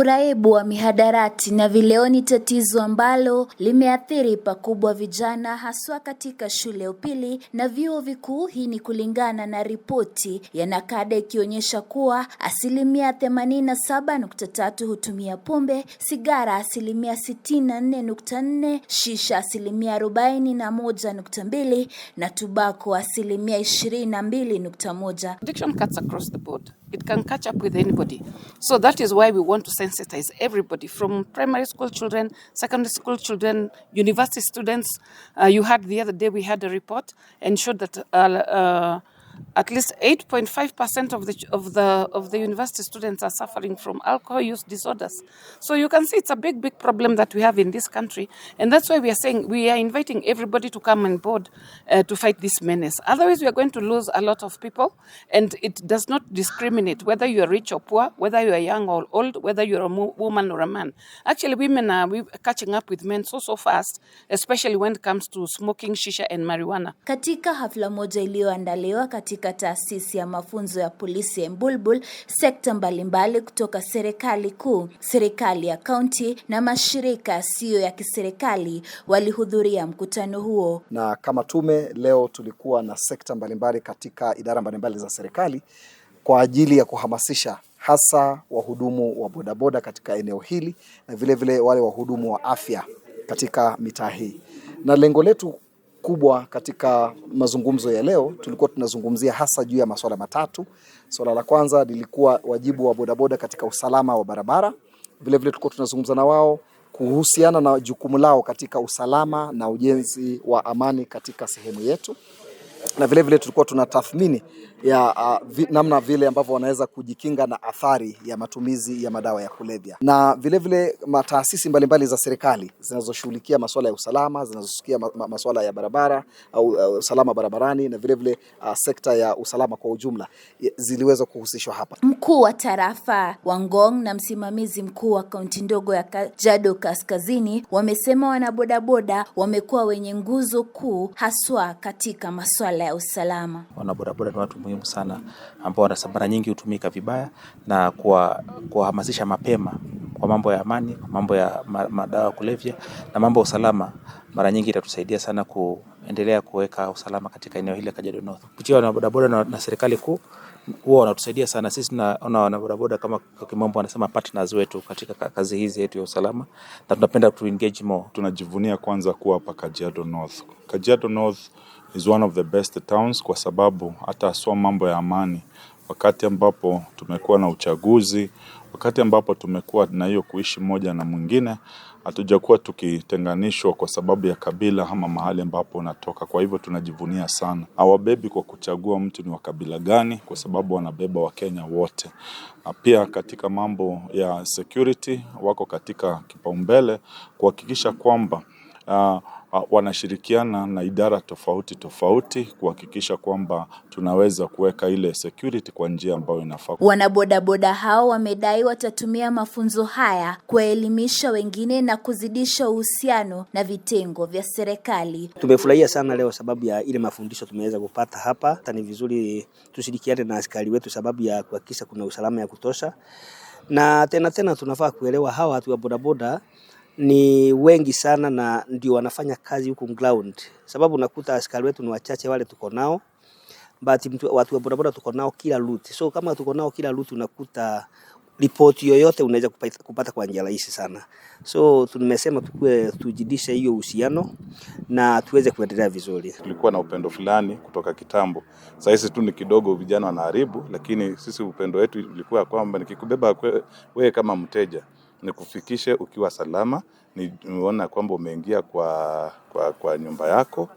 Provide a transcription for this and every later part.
Uraibu wa mihadarati na vileo ni tatizo ambalo limeathiri pakubwa vijana haswa katika shule ya upili na vyuo vikuu. Hii ni kulingana na ripoti ya Nakada ikionyesha kuwa asilimia 87.3 hutumia pombe, sigara asilimia 64.4, shisha asilimia 41.2 na tubako asilimia 22.1. Addiction cuts across the board. It can catch up with anybody. So that is why we want to sensitize everybody from primary school children, secondary school children, university students. Uh, you had the other day, we had a report and showed that. Uh, uh, at least 8.5% of the, of, the, of the university students are suffering from alcohol use disorders. So you can see it's a big, big problem that we have in this country. And that's why we are saying we are inviting everybody to come on board uh, to fight this menace. Otherwise, we are going to lose a lot of people. And it does not discriminate whether you are rich or poor, whether you are young or old, whether you are a woman or a man. Actually, women are catching up with men so, so fast, especially when it comes to smoking shisha and marijuana. Katika hafla moja iliyoandaliwa katika katika taasisi ya mafunzo ya polisi ya Mbulbul, sekta mbalimbali kutoka serikali kuu, serikali ya kaunti na mashirika yasiyo ya kiserikali walihudhuria mkutano huo. Na kama tume leo tulikuwa na sekta mbalimbali katika idara mbalimbali za serikali kwa ajili ya kuhamasisha hasa wahudumu wa bodaboda katika eneo hili na vile vile wale wahudumu wa afya katika mitaa hii, na lengo letu kubwa katika mazungumzo ya leo tulikuwa tunazungumzia hasa juu ya masuala matatu. Swala la kwanza lilikuwa wajibu wa bodaboda katika usalama wa barabara. Vilevile tulikuwa tunazungumza na wao kuhusiana na jukumu lao katika usalama na ujenzi wa amani katika sehemu yetu, na vilevile tulikuwa tunatathmini ya uh, vi, namna vile ambavyo wanaweza kujikinga na athari ya matumizi ya madawa ya kulevya, na vilevile mataasisi mbalimbali za serikali zinazoshughulikia masuala ya usalama, zinazoshughulikia ma, masuala ya barabara au uh, usalama barabarani na vilevile vile, uh, sekta ya usalama kwa ujumla ziliweza kuhusishwa hapa. Mkuu wa tarafa wa Ngong na msimamizi mkuu wa kaunti ndogo ya Kajiado Kaskazini wamesema wanabodaboda wamekuwa wenye nguzo kuu haswa katika masuala ya usalama. Wanabodaboda ni watu muhimu sana ambao mara nyingi hutumika vibaya na kuwahamasisha mapema kwa mambo ya amani, kwa mambo ya madawa kulevya na mambo ya usalama mara nyingi itatusaidia sana kuendelea kuweka usalama katika eneo hili la Kajiado North. Kupitia wanabodaboda na serikali kuu huwa wanatusaidia sana sisi, tunaona wanabodaboda kama kwa kimombo wanasema partners wetu katika kazi hizi yetu ya usalama, na tunapenda tu engage more. Tunajivunia kwanza kuwa hapa Kajiado North. Kajiado North is one of the best towns kwa sababu hata haswa mambo ya amani. Wakati ambapo tumekuwa na uchaguzi, wakati ambapo tumekuwa na hiyo kuishi moja na mwingine, hatujakuwa tukitenganishwa kwa sababu ya kabila ama mahali ambapo unatoka. Kwa hivyo tunajivunia sana. Hawabebi kwa kuchagua mtu ni wa kabila gani kwa sababu wanabeba wakenya wote. na Pia katika mambo ya security wako katika kipaumbele kuhakikisha kwamba ah, Ah, wanashirikiana na idara tofauti tofauti kuhakikisha kwamba tunaweza kuweka ile security kwa njia ambayo inafaa. Wanabodaboda hao wamedai watatumia mafunzo haya kuwaelimisha wengine na kuzidisha uhusiano na vitengo vya serikali. Tumefurahia sana leo sababu ya ile mafundisho tumeweza kupata hapa. Ni vizuri tushirikiane na askari wetu sababu ya kuhakikisha kuna usalama ya kutosha, na tena tena tunafaa kuelewa hawa watu wa bodaboda ni wengi sana na ndio wanafanya kazi huku ground. Sababu nakuta askari wetu ni wachache wale tuko nao, but watu wa bodaboda tuko nao kila route. So kama tuko nao kila route, unakuta ripoti yoyote unaweza kupata kwa njia rahisi sana. So tumesema tukue tujidishe hiyo uhusiano na tuweze kuendelea vizuri. Tulikuwa na upendo fulani kutoka kitambo, saa hizi tu ni kidogo, vijana wanaharibu, lakini sisi upendo wetu ulikuwa kwamba nikikubeba wewe kama mteja nikufikishe ukiwa salama, niona kwamba umeingia kwa, kwa, kwa nyumba yako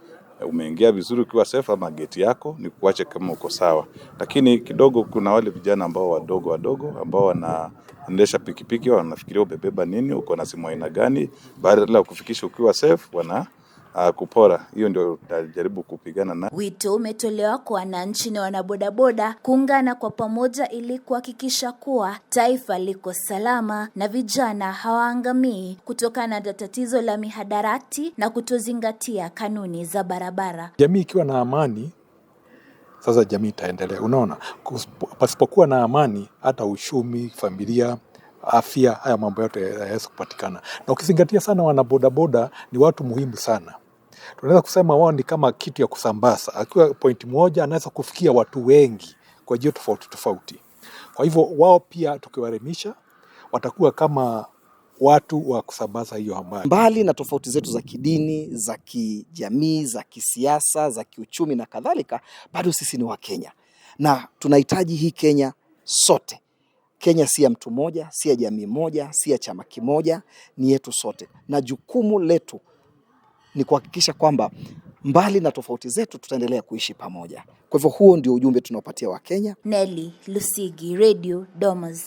umeingia vizuri ukiwa safe ama geti yako ni kuache kama uko sawa. Lakini kidogo kuna wale vijana ambao wadogo wadogo ambao wanaendesha pikipiki wanafikiria ubebeba nini, uko na simu aina gani, baada ya kufikisha ukiwa safe wana uh, kupora. Hiyo ndio tutajaribu kupigana na. Wito umetolewa kwa wananchi na wanabodaboda kuungana kwa pamoja ili kuhakikisha kuwa taifa liko salama na vijana hawaangamii kutokana na tatizo la mihadarati na kutozingatia kanuni za barabara. Jamii ikiwa na amani sasa jamii itaendelea. Unaona, pasipokuwa na amani, hata uchumi, familia, afya, haya mambo yote hayawezi kupatikana. Na ukizingatia sana, wanabodaboda ni watu muhimu sana tunaweza kusema wao ni kama kitu ya kusambaza. Akiwa point moja anaweza kufikia watu wengi kwa njia tofauti tofauti. Kwa hivyo wao pia tukiwaelimisha watakuwa kama watu wa kusambaza hiyo habari. Mbali na tofauti zetu za kidini, za kijamii, za kisiasa, za kiuchumi na kadhalika, bado sisi ni Wakenya na tunahitaji hii Kenya sote. Kenya si ya mtu mmoja, si ya jamii moja, si ya chama kimoja, ni yetu sote, na jukumu letu ni kuhakikisha kwamba mbali na tofauti zetu tutaendelea kuishi pamoja. Kwa hivyo huo ndio ujumbe tunaopatia Wakenya. Nelly Lusigi, Radio Domus.